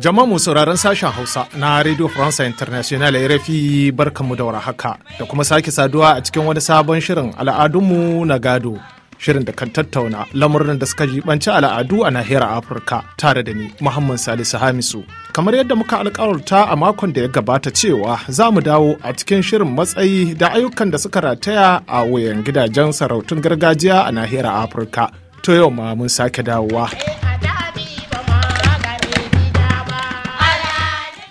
Jama'a mu sauraron sashen Hausa na Radio France International ya RFI mu da warhaka da kuma sake saduwa a cikin wani sabon shirin al'adunmu na gado. Shirin da kan tattauna lamurin da suka jibanci al'adu a nahiyar Afirka tare da ni Muhammad Salisu Hamisu. Kamar yadda muka alkawarta a makon da ya gabata cewa za mu dawo a cikin shirin matsayi da ayyukan da suka rataya a wuyan gidajen sarautun gargajiya a nahiyar Afirka. To yau ma mun sake dawowa.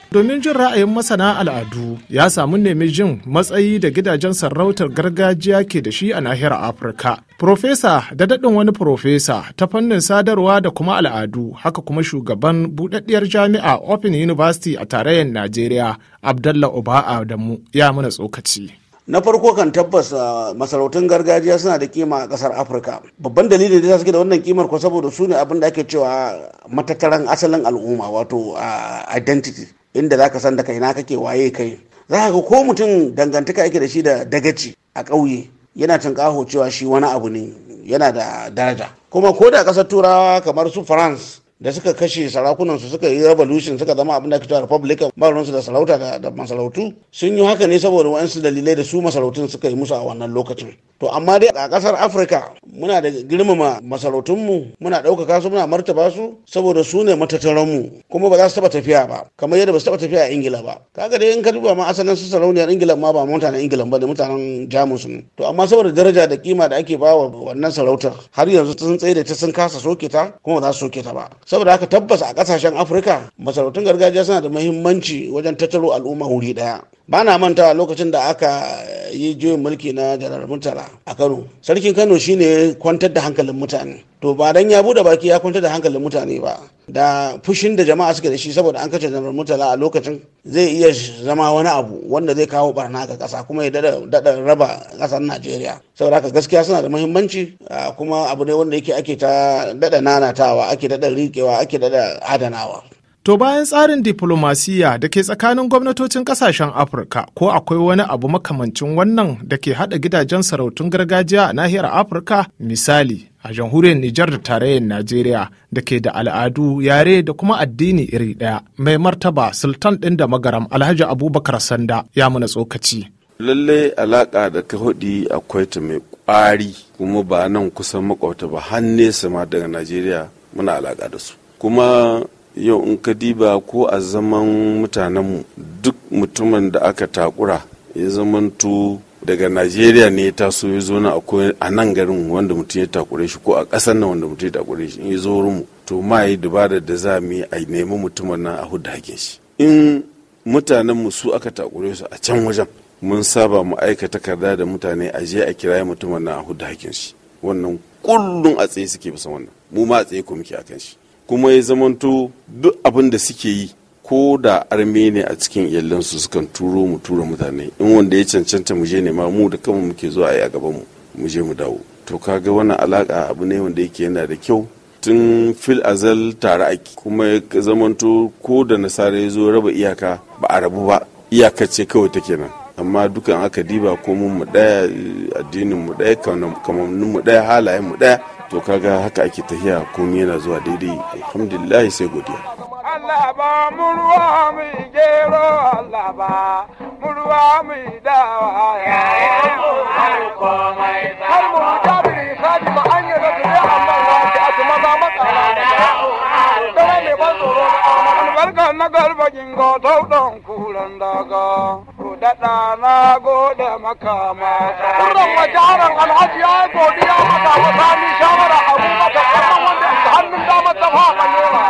domin jin ra'ayin masana al'adu ya samu nemi jin matsayi da gidajen sarautar gargajiya ke da shi a nahiyar afirka profesa da daɗin wani profesa ta fannin sadarwa da kuma al'adu haka kuma shugaban buɗaɗɗiyar jami'a open university a tarayyar najeriya abdallah uba adamu ya mana tsokaci na farko kan tabbas ah, masarautun gargajiya suna da kima a kasar afirka babban dalilin da ta suke da wannan kimar ko saboda su ne abin da ake cewa matattaran asalin al'umma wato ah, identity inda za ka san da kai na kake waye kai za ka ko mutum dangantaka yake da shi da dagaci a ƙauye yana tunƙaho cewa shi wani abu ne yana da daraja kuma ko da ƙasar turawa kamar su france da suka kashe sarakunan su suka yi revolution suka zama abin da ake cewa republic ba ruwansu da sarauta da masarautu sun yi haka ne saboda wa'ansu dalilai da su masarautun suka yi musu a wannan lokacin to amma dai a kasar afirka muna da girmama masarautunmu muna ɗaukaka su muna martaba su saboda su ne matataranmu kuma ba za su taɓa tafiya ba kamar yadda ba su taɓa tafiya a ingila ba kaga dai in ka duba ma asalin su sarauniyar ingila ma ba mutanen ingila ba da mutanen jamus ne to amma saboda daraja da kima da ake ba wa wannan sarautar har yanzu sun tsaye da ta sun kasa soke ta kuma ba za su soke ta ba saboda haka tabbas a kasashen afirka masarautun gargajiya suna da muhimmanci wajen tattaro al'umma wuri daya ba na mantawa lokacin da aka yi juyin mulki na janar mutara a kano sarkin kano shine kwantar da hankalin mutane to ba dan ya bude baki ya kwantar da hankalin mutane ba da fushin da jama'a suke da shi saboda an kace janar mutala a lokacin zai iya zama wani abu wanda zai kawo barna ga kasa kuma ya dada raba kasar najeriya saboda haka gaskiya suna da muhimmanci kuma abu ne wanda yake ake ta dada nanatawa ake dada rikewa ake dada adanawa To bayan tsarin diflomasiyya da ke tsakanin gwamnatocin kasashen Afirka ko akwai wani abu makamancin wannan da ke haɗa gidajen sarautun gargajiya a nahiyar Afirka misali a jamhuriyar Nijar da tarayyar Najeriya da ke da al'adu, yare da kuma addini iri ɗaya. Mai martaba Sultan ɗin da magaram Alhaji Abubakar Sanda ya muna tsokaci. Lalle alaƙa da ka hudi akwai ta mai ƙwari kuma ba nan kusan makwabta ba har nesa ma daga Najeriya muna alaƙa da su. Kuma yau in ka diba ko a zaman mutanenmu duk mutumin da aka takura ya zamantu daga najeriya ne ya taso ya zo na akwai a nan garin wanda mutum ya takure shi ko a ƙasar nan wanda mutum ya takure shi in ya zo rumu to ma yi dubara da za mu yi a nemi mutumin nan a hudu hakin shi in mutanenmu su aka takure su a can wajen mun saba mu aika takarda da mutane a je a kira mutumin nan a hudu hakin shi wannan kullum a tsaye suke bisa wannan mu ma a tsaye ko muke akan shi kuma ya zamanto duk abin da suke yi ko da arme ne a cikin iyalansu sukan turo mu tura mutane in wanda ya cancanta muje je ne ma mu da kanmu muke zuwa a yi a gaban mu muje mu dawo to kaga wannan alaka abu ne wanda yake yana da kyau tun fil azal tare ake kuma ya zamanto ko da nasara ya zo raba iyaka ba a rabu ba iyaka ce kawai take nan amma dukan aka diba ko mu mu daya addinin mu daya kamannin mu daya halayen mu daya to kaga haka ake tahiya komi yana zuwa daidai alhamdulillah sai godiya Allah ba mu ruwa mu gero Allah ba mu ruwa mu dawa ya har mu ta bi sadi ba an da ya Allah na garba gingo don kulan daga ko daɗa na gode maka mata. Kudan majaran alhaji ya godiya a samu sani shawara abubakar wannan wanda da hannun damar ta faɗa nora.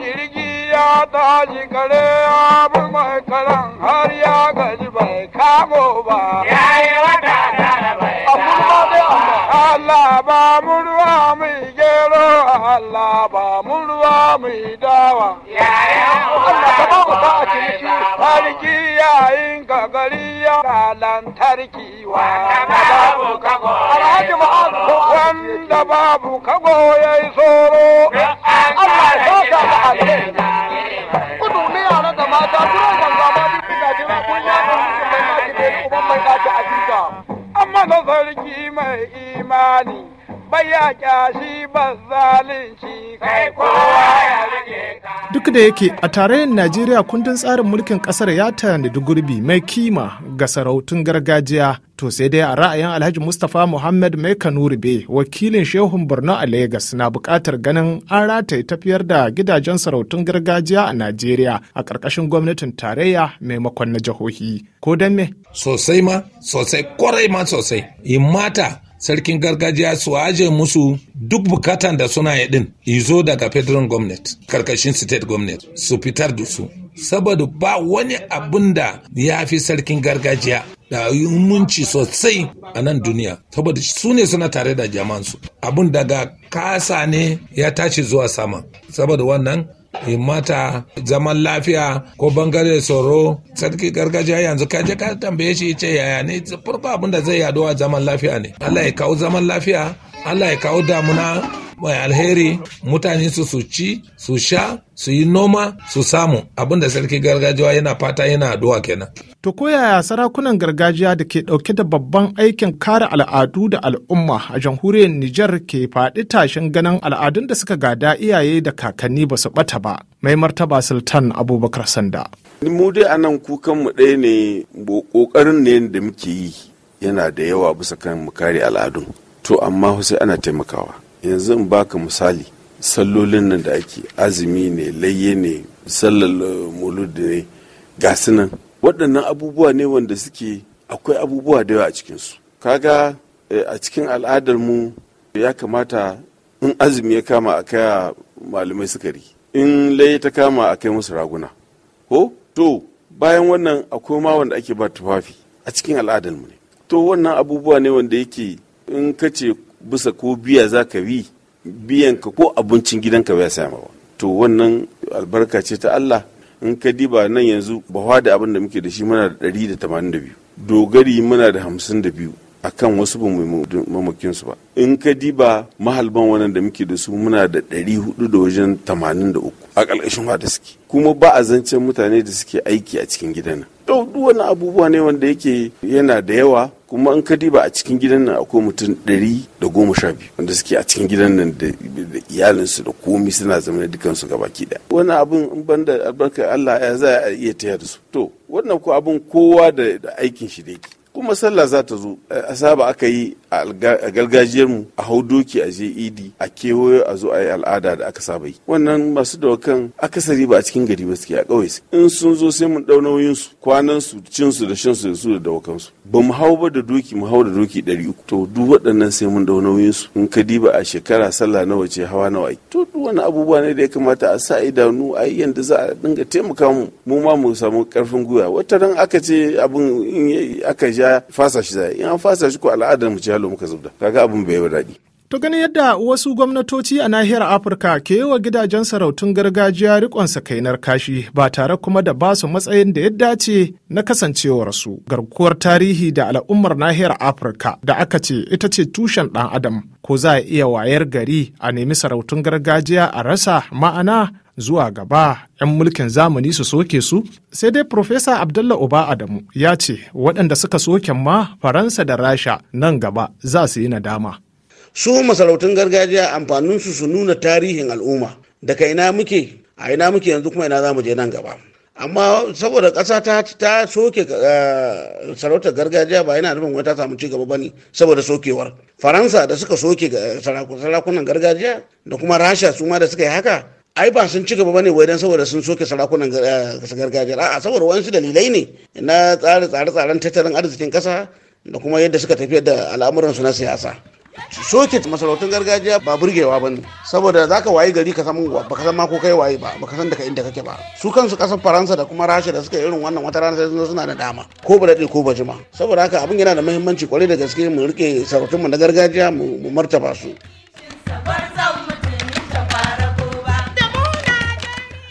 Jirgi ya tashi kare abu mai karan har ya gaji bai kamo ba. Ya yi wata da bai Allah ba mu ruwa mai gero Allah ba mu ruwa mai dawa. sarki wanda babu kago alhaji ma'azu wanda babu kago ya yi tsoro Allah ya saka da alheri kudu ne yara da mata duro ganga ma duk da jira kun ya ga mutum mai kaji uban mai kaji aziza amma na sarki mai imani Duk da yake a tarayyar Najeriya kundin tsarin mulkin kasar ya tanadi gurbi mai kima ga sarautun gargajiya to sai dai a ra'ayin Alhaji Mustapha Muhammad Mai Kanuribe wakilin Shehun Borno a Legas na buƙatar ganin an rataye tafiyar da gidajen sarautun gargajiya a Najeriya a ƙarƙashin gwamnatin tarayya maimakon na jihohi. Ko don Sosai ma, sosai, kwarai ma sosai. In mata sarkin gargajiya su aje musu duk bukatan da suna yi din izo daga federal government karkashin state government su fitar da su saboda ba wani abun da ya fi sarkin gargajiya da sosai a nan duniya saboda su ne suna tare da jamansu abun daga kasa ne ya tashi zuwa sama saboda wannan mata zaman lafiya ko bangare tsoro sarki gargajiya yanzu ka je ka tambaye shi ce yaya ne farko abin da zai yaduwa zaman lafiya ne allah ya kawo zaman lafiya allah ya kawo damuna mai alheri mutane su su ci su sha su yi noma su samu abinda sarki gargajiya yana fata yana addu'a kenan to koyaya sarakunan gargajiya da ke dauke da babban aikin kare al'adu da al'umma a jamhuriyar Nijar ke faɗi tashin ganin al'adun da suka gada iyaye da kakanni ba su ɓata ba mai martaba sultan abubakar sanda mu dai anan kukan mu ɗaya ne ƙoƙarin ne da muke yi yana da yawa bisa kan mu kare al'adun to amma sai ana taimakawa yanzu in baka misali sallolin nan da ake azumi ne layye ne sallar eh, mulud ne gasu nan waɗannan abubuwa ne wanda suke akwai abubuwa da yawa a cikinsu kaga eh, a cikin al'adarmu. ya kamata in azumi ya kama a kai malamai sukari in laye ta kama a kai musu raguna ko to bayan wannan akwai ma wanda ake ba tufafi a cikin al'adar mu ne to wannan abubuwa ne wanda yake in ka ce bisa ko biya za ka bi biyan ka ko abincin gidan ka bai ma ba to wannan albarka ce ta Allah in ka diba nan yanzu ba da abin da muke da shi muna da 182 dogari muna da 52 a kan wasu ba mu mamakin su ba in ka diba mahalban wannan da muke da su muna da ɗari hudu da wajen tamanin da a ƙarƙashin da suke kuma ba a zancen mutane da suke aiki a cikin gidan nan duk wani abubuwa ne wanda yake yana da yawa kuma in ka diba a cikin gidan nan akwai mutum ɗari da goma wanda suke a cikin gidan nan da iyalinsu da komi suna zama dukansu gabaki ɗaya wani abin in banda albarka Allah ya za a iya taya da su to wannan ko abin kowa da aikin shi da yake kuma sallah za ta zo eh, asaba aka yi a gargajiyarmu a hau doki a je idi a kewayo a zo a yi al'ada da aka saba yi wannan masu dawakan akasari ba a cikin gari ba suke a ƙauye in sun zo sai mun ɗau nauyin su kwanan su cin su da shan su da su da dawakan su ba mu hau ba da doki mu hau da doki ɗari uku to duk waɗannan sai mun ɗau nauyin su in ka diba a shekara sallah nawa ce hawa nawa to duk wani abubuwa ne da ya kamata a sa idanu a yi yanda za a dinga taimaka mu mu ma mu samu ƙarfin gwiwa wata ran aka ce abin in aka ja fasa shi za in an fasa shi ko al'adar mu ce falo muka zubda kaga abun bai daɗi To gani yadda wasu gwamnatoci a nahiyar Afirka ke yi wa gidajen sarautun gargajiya rikon kainar kashi ba tare kuma da basu matsayin da ya dace na kasancewar su. Garkuwar tarihi da al'ummar nahiyar Afirka da aka ce ita ce tushen ɗan adam ko za a iya wayar gari a nemi sarautun gargajiya a rasa ma'ana zuwa gaba 'yan mulkin zamani su soke su? Sai dai Profesa Abdullah Uba Adamu ya ce waɗanda suka soke ma Faransa da Rasha nan gaba za su yi nadama. su masarautun gargajiya amfaninsu su nuna tarihin al'umma daga ina muke a ina muke yanzu kuma ina za mu je nan gaba amma saboda ƙasa ta ta soke eh, sarautar gargajiya ba yana nufin ta samu cigaba gaba ne saboda sokewar faransa da suka soke eh, sarakunan gargajiya da kuma rasha su ma da suka yi haka ai ba sun cigaba gaba ne wai don saboda sun soke sarakunan eh, gargajiya a'a saboda wasu dalilai ne na tsare tsare-tsaren tattalin arzikin ƙasa da kuma yadda suka tafiyar da al'amuransu na siyasa Soket, masarautun gargajiya ba burgewa ba ne saboda za ka wayi gari ka san ba ka san ma ko kai waye ba ba ka daga inda kake ba su kansu kasar faransa da kuma rasha da suka irin wannan wata rana sai suna da dama ko ba daɗe ko ba jima saboda haka abin yana da muhimmanci kwarai da gaske mu rike sarautunmu na gargajiya mu martaba su.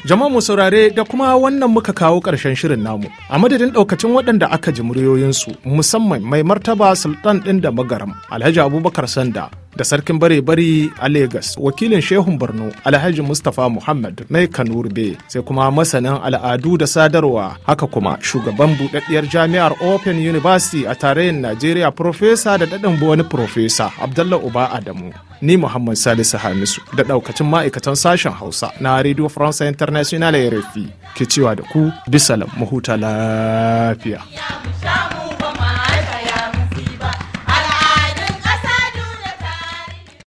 Jama'a mu saurare da kuma wannan muka kawo ƙarshen shirin namu. A madadin ɗaukacin waɗanda aka ji muryoyinsu musamman mai martaba sultan ɗin da magaram Alhaji Abubakar Sanda da sarkin bare-bare a Legas, wakilin Shehun Borno Alhaji Mustapha Muhammad na Kanurbe, sai kuma masanin al'adu da sadarwa, haka kuma shugaban buɗaɗɗiyar jami'ar Open University a tarayyar Najeriya Profesa da daɗin wani Profesa Abdullahi Uba Adamu. Ni Muhammad Salisu Hamisu da ɗaukacin ma'aikatan sashen Hausa na Radio France International RFI ke cewa da ku bisalam mahuta lafiya.